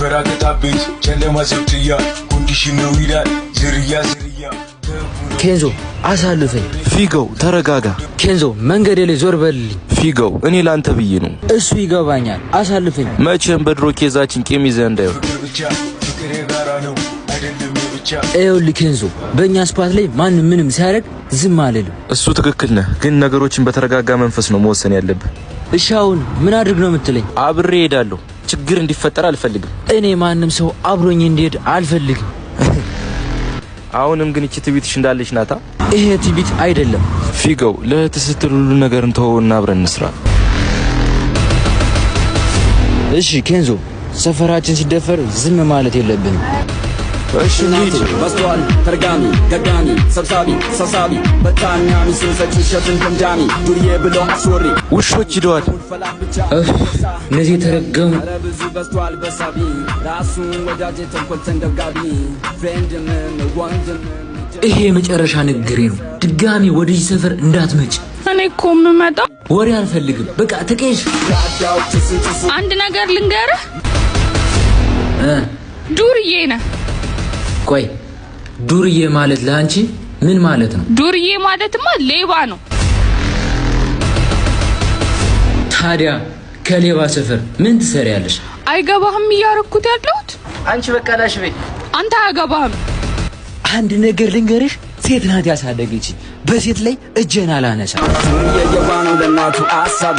ሽንፈራ ከታቤት ጨለማ ሰብትያ ኮንዲሽን ነው ይላል ዝርያ ዝርያ። ኬንዞ አሳልፈኝ። ፊገው ተረጋጋ። ኬንዞ መንገዴ ላይ ዞር በልልኝ። ፊገው እኔ ላንተ ብዬ ነው። እሱ ይገባኛል። አሳልፈኝ። መቼም በድሮ ኬዛችን ቂም ይዘህ እንዳይሆን። ይኸውልህ ኬንዞ በእኛ ስፓት ላይ ማንም ምንም ሲያደርግ ዝም አልልም። እሱ ትክክል ነህ፣ ግን ነገሮችን በተረጋጋ መንፈስ ነው መወሰን ያለብህ። እሺ አሁን ምን አድርግ ነው የምትለኝ? አብሬ ሄዳለሁ ችግር እንዲፈጠር አልፈልግም። እኔ ማንም ሰው አብሮኝ እንዲሄድ አልፈልግም። አሁንም ግን እቺ ትዕቢትሽ እንዳለች ናታ። ይሄ ትቢት አይደለም ፊገው። ለእህትህ ስትል ሁሉ ነገር እንተወውና አብረን እንስራ። እሺ ኬንዞ፣ ሰፈራችን ሲደፈር ዝም ማለት የለብንም። እናቴ በዝቷል ተርጋሚ ደጋሚ ሰብሳቢ ሰብሳቢ በታኛሚ ስንሰጭ ደምዳሚ ዱርዬ ብሎ አስወሪ ውሾች ሂደዋል። እነዚህ የተረገሙ ብዙ በዝቷል በሳቢ ራሱን ወዳጅ ተንኮል ይሄ የመጨረሻ ንግግሬ ነው። ድጋሚ ወደዚህ ሰፈር እንዳትመጭ። እኔ እኮ የምመጣው ወሬ አልፈልግም። በቃ አንድ ነገር ልንገርህ፣ ዱርዬ ነህ። ቆይ ዱርዬ ማለት ለአንቺ ምን ማለት ነው? ዱርዬ ማለትማ ሌባ ነው። ታዲያ ከሌባ ሰፈር ምን ትሰሪያለሽ? አይገባህም እያረኩት ያለሁት አንቺ በቃላሽ ቤ አንተ አያገባህም። አንድ ነገር ልንገርሽ፣ ሴት ናት ያሳደገች። በሴት ላይ እጄን አላነሳ። ነው ለእናቱ አሳቢ